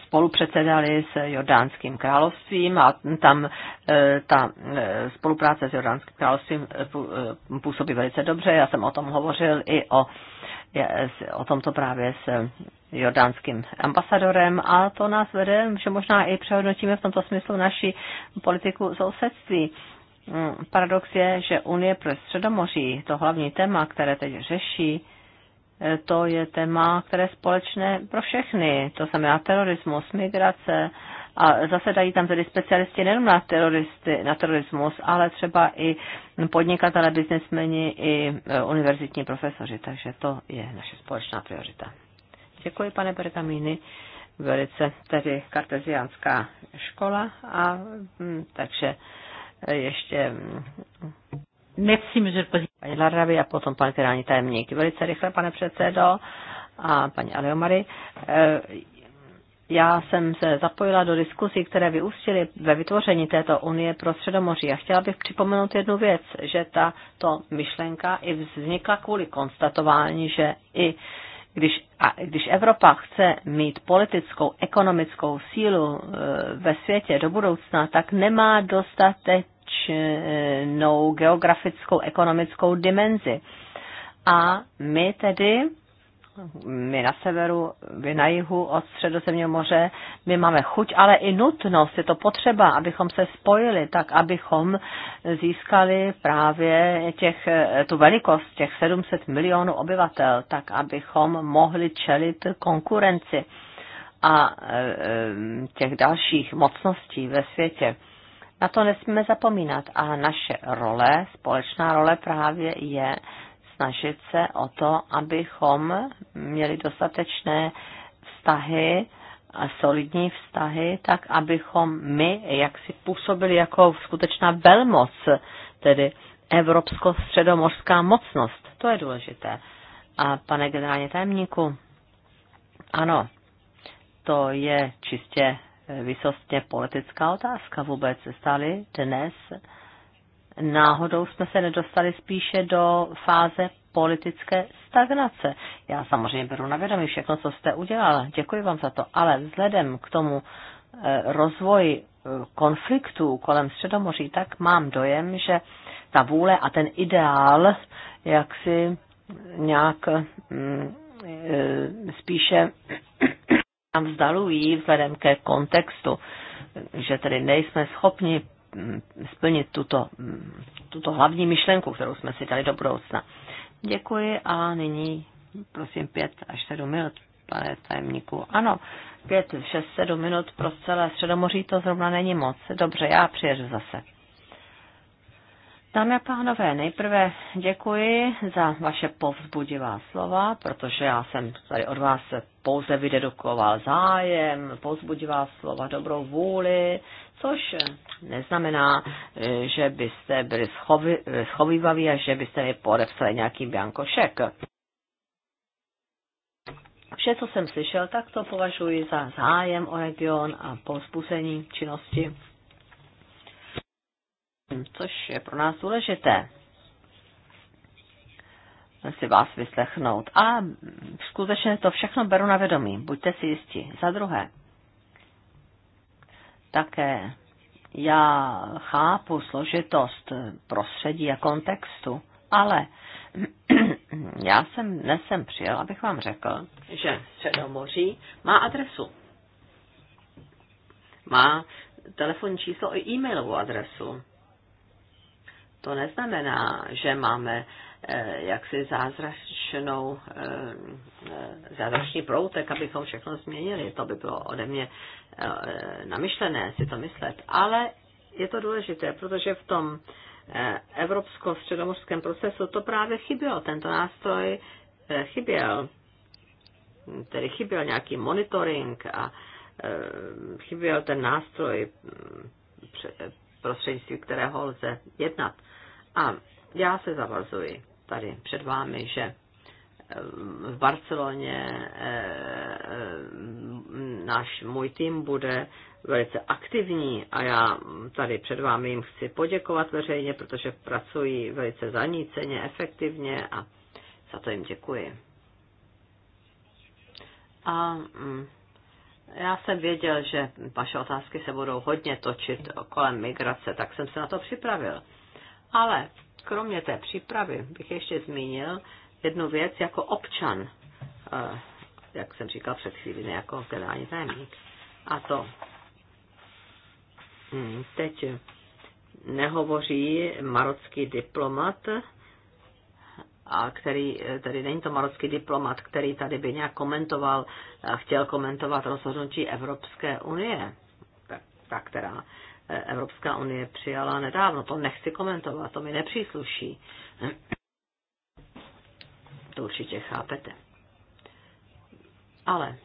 spolupředsedali s Jordánským královstvím a tam e, ta e, spolupráce s Jordánským královstvím e, působí velice dobře. Já jsem o tom hovořil i o, o tomto právě s jordánským ambasadorem a to nás vede, že možná i přehodnotíme v tomto smyslu naši politiku sousedství. Mm, paradox je, že Unie pro Středomoří, to hlavní téma, které teď řeší, to je téma, které je společné pro všechny. To znamená terorismus, migrace, a zase dají tam tedy specialisti nejenom na, teroristy, na terorismus, ale třeba i podnikatele, biznesmeni, i e, univerzitní profesoři. Takže to je naše společná priorita. Děkuji, pane Bergamíny. Velice tedy karteziánská škola a mm, takže e, ještě mm, Merci, monsieur paní Larravy a potom pan generální tajemník. Velice rychle, pane předsedo a paní Aleomary. Eh, já jsem se zapojila do diskusí, které vyústily ve vytvoření této unie pro Středomoří a chtěla bych připomenout jednu věc, že tato myšlenka i vznikla kvůli konstatování, že i když, a když Evropa chce mít politickou, ekonomickou sílu eh, ve světě do budoucna, tak nemá dostatek značnou geografickou, ekonomickou dimenzi. A my tedy, my na severu, vy na jihu od Středozemního moře, my máme chuť, ale i nutnost, je to potřeba, abychom se spojili, tak abychom získali právě těch, tu velikost těch 700 milionů obyvatel, tak abychom mohli čelit konkurenci a e, e, těch dalších mocností ve světě. Na to nesmíme zapomínat. A naše role, společná role právě je snažit se o to, abychom měli dostatečné vztahy, a solidní vztahy, tak abychom my jak si působili jako skutečná velmoc, tedy evropsko středomorská mocnost. To je důležité. A pane generálně tajemníku, ano, to je čistě vysostně politická otázka vůbec. Stali dnes náhodou jsme se nedostali spíše do fáze politické stagnace. Já samozřejmě beru na vědomí všechno, co jste udělala. Děkuji vám za to. Ale vzhledem k tomu eh, rozvoji eh, konfliktů kolem Středomoří, tak mám dojem, že ta vůle a ten ideál jak si nějak mm, eh, spíše nám vzdalují vzhledem ke kontextu, že tedy nejsme schopni mm, splnit tuto, mm, tuto hlavní myšlenku, kterou jsme si dali do budoucna. Děkuji a nyní prosím pět až sedm minut, pane tajemníku. Ano, pět, šest, sedm minut pro celé Středomoří to zrovna není moc. Dobře, já přijedu zase. Dámy a pánové, nejprve děkuji za vaše povzbudivá slova, protože já jsem tady od vás pouze vydedukoval zájem, povzbudivá slova, dobrou vůli, což neznamená, eh, že byste byli schovývaví a že byste mi podepsali nějaký biankošek. Vše, co jsem slyšel, tak to považuji za zájem o region a povzbuzení činnosti což je pro nás důležité si vás vyslechnout. A skutečně to všechno beru na vědomí, buďte si jistí. Za druhé, také já chápu složitost prostředí a kontextu, ale já jsem nesem přijel, abych vám řekl, že Středomoří má adresu. Má telefonní číslo i e-mailovou adresu to neznamená, že máme eh, jaksi zázračnou, eh, zázračný proutek, abychom všechno změnili. To by bylo ode mě eh, namyšlené si to myslet. Ale je to důležité, protože v tom evropsko středomořském procesu to právě chybělo. Tento nástroj chyběl. Tedy chyběl nějaký monitoring a chyběl ten nástroj mm, prostřednictvím kterého lze jednat. A já se zavazuji tady před vámi, že eh, v Barceloně eh, eh, náš můj tým bude velice aktivní a já tady před vámi jim chci poděkovat veřejně, protože pracují velice zaníceně, efektivně a za to jim děkuji. A mm, já jsem věděl, že vaše otázky se budou hodně točit kolem migrace, tak jsem se na to připravil. Ale kromě té přípravy bych ještě zmínil jednu věc jako občan, eh, jak jsem říkal před chvílí, ne jako generální tajemník. A to hm, teď nehovoří marocký diplomat a který, eh, tedy není to marocký diplomat, který tady by nějak komentoval, eh, chtěl komentovat rozhodnutí Evropské unie, ta, která eh, Evropská unie přijala nedávno. To nechci komentovat, to mi nepřísluší. To určitě chápete. Ale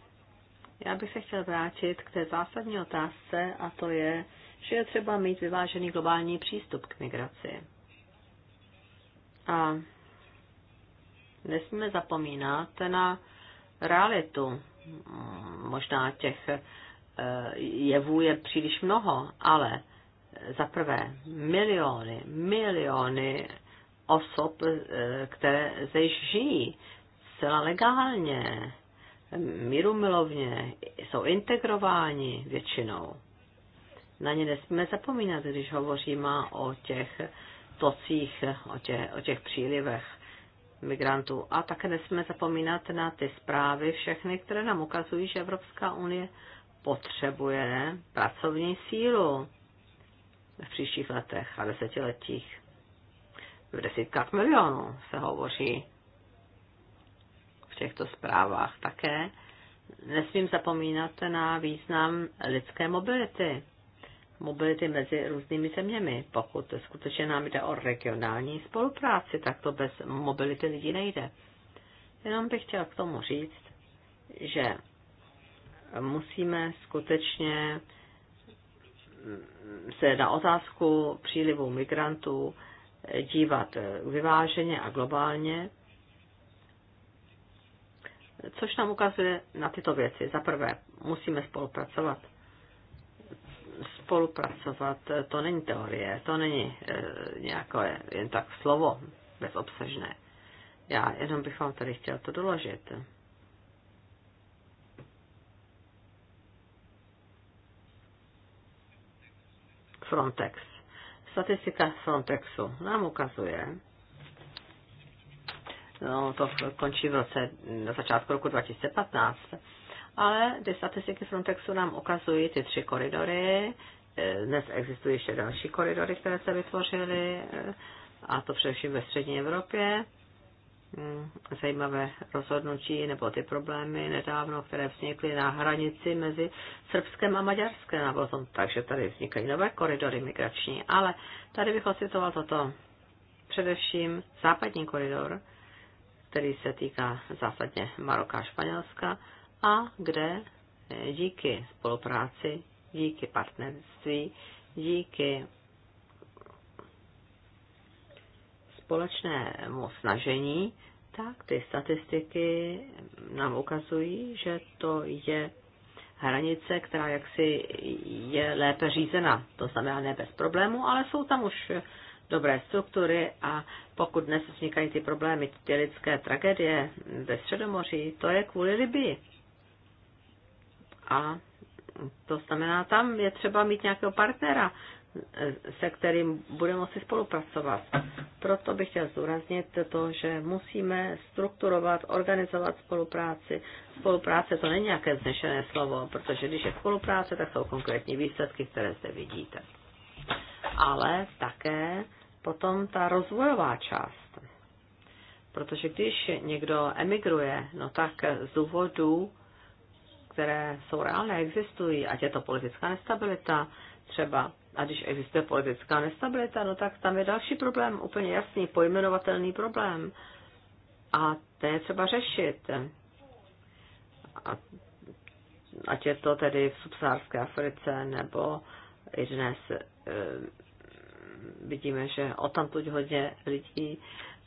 já bych se chtěl vrátit k té zásadní otázce a to je, že je třeba mít vyvážený globální přístup k migraci. A nesmíme zapomínat na realitu. Možná těch eh, jevů je příliš mnoho, ale za prvé miliony, miliony osob, eh, které zde již žijí zcela legálně, mírumilovně, jsou integrováni většinou. Na ně nesmíme zapomínat, když hovoříme o těch tocích, o těch, o těch přílivech migrantů. A také nesmíme zapomínat na ty zprávy všechny, které nám ukazují, že Evropská unie potřebuje pracovní sílu v příštích letech a desetiletích. V desítkách milionů se hovoří v těchto zprávách také. Nesmím zapomínat na význam lidské mobility mobility mezi různými zeměmi. Pokud skutečně nám jde o regionální spolupráci, tak to bez mobility lidí nejde. Jenom bych chtěla k tomu říct, že musíme skutečně se na otázku přílivu migrantů dívat vyváženě a globálně, což nám ukazuje na tyto věci. Za prvé, musíme spolupracovat spolupracovat, to není teorie, to není e, nějaké jen tak slovo bezobsažné. Já jenom bych vám tady chtěl to doložit. Frontex. Statistika Frontexu nám ukazuje, no to končí v roce, na začátku roku 2015, ale ty statistiky Frontexu nám ukazují ty tři koridory. Eh, Dnes existují ještě další koridory, které se vytvořily, eh, a to především ve střední Evropě. Hmm, zajímavé rozhodnutí nebo ty problémy nedávno, které vznikly na hranici mezi Srbskem a Maďarskem. A potom, takže tady vznikají nové koridory migrační. Ale tady bych ocitoval toto. Především západní koridor, který se týká zásadně Maroka a Španělska a kde eh, díky spolupráci, díky partnerství, díky společnému snažení, tak ty statistiky nám ukazují, že to je hranice, která jaksi je lépe řízena. To znamená ne bez problémů, ale jsou tam už dobré struktury a pokud dnes vznikají ty problémy, ty lidské tragédie ve Středomoří, to je kvůli Libii. A to znamená, tam je třeba mít nějakého partnera, se kterým bude moci spolupracovat. Proto bych chtěl zdůraznit to, že musíme strukturovat, organizovat spolupráci. Spolupráce to není nějaké znešené slovo, protože když je spolupráce, tak jsou konkrétní výsledky, které zde vidíte. Ale také potom ta rozvojová část. Protože když někdo emigruje, no tak z důvodu které jsou reálné, existují, ať je to politická nestabilita třeba. A když existuje politická nestabilita, no tak tam je další problém, úplně jasný, pojmenovatelný problém. A ten je třeba řešit. A, ať je to tedy v subsárské Africe, nebo i dnes e, vidíme, že odtamtud hodně lidí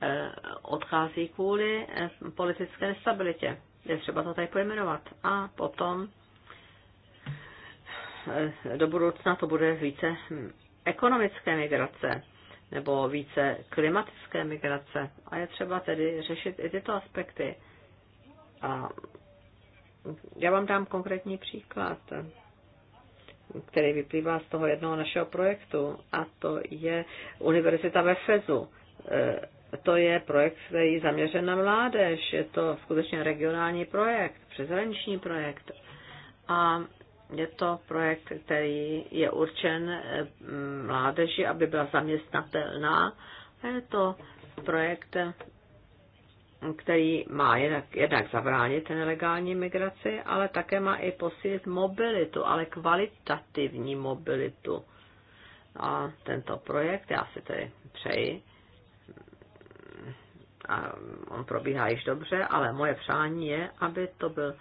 e, odchází kvůli e, politické nestabilitě je třeba to tady pojmenovat. A potom eh, do budoucna to bude více ekonomické migrace nebo více klimatické migrace. A je třeba tedy řešit i tyto aspekty. A já vám dám konkrétní příklad, který vyplývá z toho jednoho našeho projektu, a to je Univerzita ve Fezu eh, to je projekt, který zaměřen na mládež, je to skutečně regionální projekt, přeshraniční projekt a je to projekt, který je určen mm, mládeži, aby byla zaměstnatelná a je to projekt, který má jednak, jednak zabránit nelegální migraci, ale také má i posílit mobilitu, ale kvalitativní mobilitu. A tento projekt, já si tedy přeji, a on probíhá již dobře, ale moje přání je, aby to byl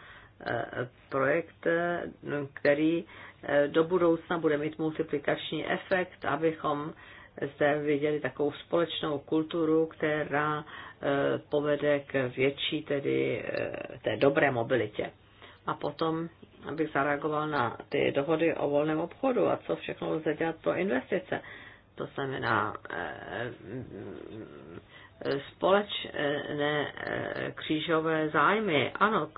eh, projekt, eh, který eh, do budoucna bude mít multiplikační efekt, abychom zde viděli takovou společnou kulturu, která povede k větší, tedy té dobré mobilitě. A potom, abych zareagoval na ty dohody o volném obchodu a co všechno lze dělat pro investice. To znamená, společné eh, křížové zájmy. Ano,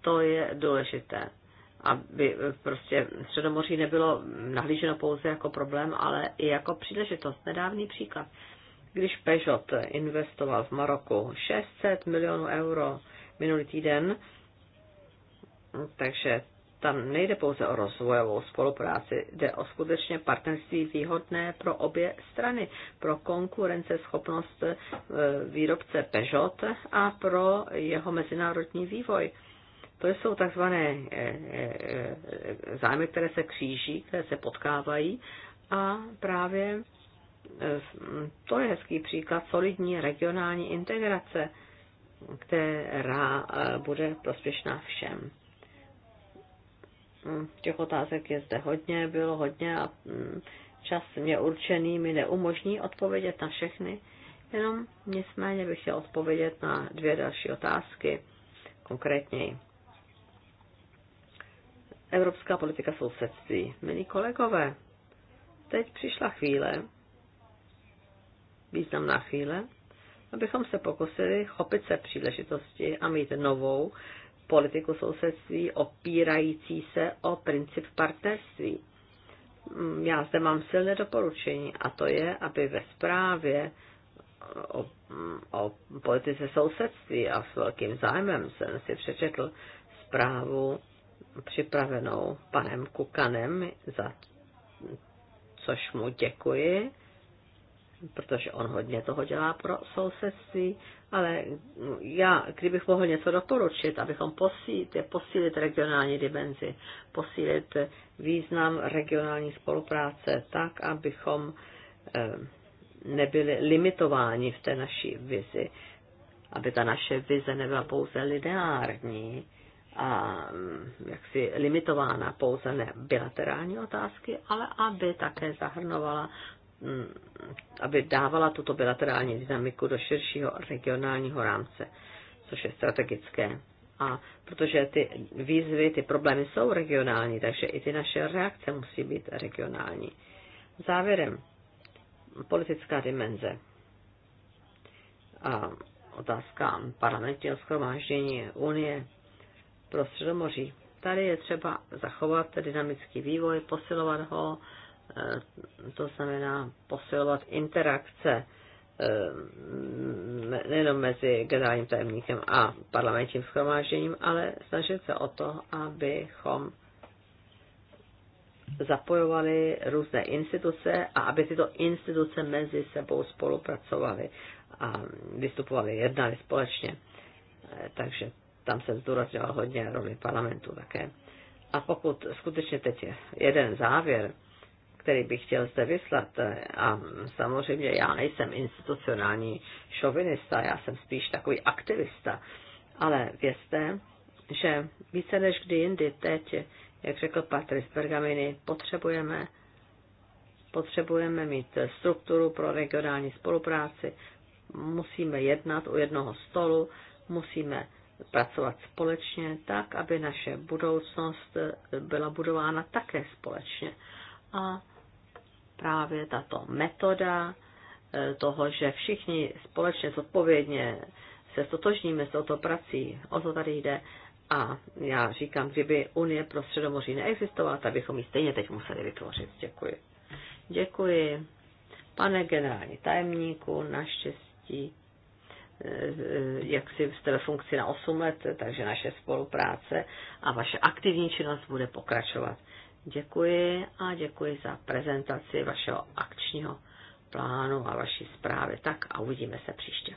to je důležité aby eh, prostě Středomoří nebylo nahlíženo pouze jako problém, ale i jako příležitost. Nedávný příklad. Když Peugeot investoval v Maroku 600 milionů euro minulý týden, takže tam nejde pouze o rozvojovou spolupráci, jde o skutečně partnerství výhodné pro obě strany, pro konkurenceschopnost e, výrobce Peugeot a pro jeho mezinárodní vývoj. To jsou takzvané e, e, zájmy, které se kříží, které se potkávají a právě to je hezký příklad solidní regionální integrace, která bude prospěšná všem. Mm, těch otázek je zde hodně, bylo hodně a mm, čas mě určený mi neumožní odpovědět na všechny. Jenom nicméně bych chtěl odpovědět na dvě další otázky konkrétněji. Evropská politika sousedství. Milí kolegové, teď přišla chvíle, významná chvíle, abychom se pokusili chopit se příležitosti a mít novou politiku sousedství opírající se o princip partnerství. Mm, Já zde mám silné doporučení a to je, aby ve zprávě o, mm, o politice sousedství a s velkým zájmem jsem si přečetl zprávu připravenou panem Kukanem, za což mu děkuji protože on hodně toho dělá pro sousedství, ale já, kdybych mohl něco doporučit, abychom posílit, posílit regionální dimenzi, posílit význam regionální spolupráce tak, abychom eh, nebyli limitováni v té naší vizi, aby ta naše vize nebyla pouze lineární a mm, jaksi limitována pouze na bilaterální otázky, ale aby také zahrnovala aby dávala tuto bilaterální dynamiku do širšího regionálního rámce, což je strategické. A protože ty výzvy, ty problémy jsou regionální, takže i ty naše reakce musí být regionální. Závěrem, politická dimenze a otázka parlamentního schromáždění Unie pro Středomoří. Tady je třeba zachovat dynamický vývoj, posilovat ho Eh, to znamená posilovat interakce eh, nejenom mezi generálním tajemníkem a parlamentním schromážděním, ale snažit se o to, abychom zapojovali různé instituce a aby tyto instituce mezi sebou spolupracovaly a vystupovali, jednali společně. Eh, takže tam se zdůraznila hodně roli parlamentu také. A pokud skutečně teď je jeden závěr, který bych chtěl zde vyslat, eh, a samozřejmě já nejsem institucionální šovinista, já jsem spíš takový aktivista, ale vězte, že více než kdy jindy teď, jak řekl Patrice Bergamini, potřebujeme, potřebujeme mít strukturu pro regionální spolupráci, musíme jednat u jednoho stolu, musíme pracovat společně tak, aby naše budoucnost byla budována také společně. A právě tato metoda eh, toho, že všichni společně zodpovědně se stotožníme s touto prací, o to tady jde. A já říkám, kdyby Unie pro Středomoří neexistovala, tak bychom ji stejně teď museli vytvořit. Děkuji. Děkuji. Pane generální tajemníku, naštěstí, eh, jak si jste ve funkci na 8 let, takže naše spolupráce a vaše aktivní činnost bude pokračovat. Děkuji a děkuji za prezentaci vašeho akčního plánu a vaší zprávy. Tak a uvidíme se příště.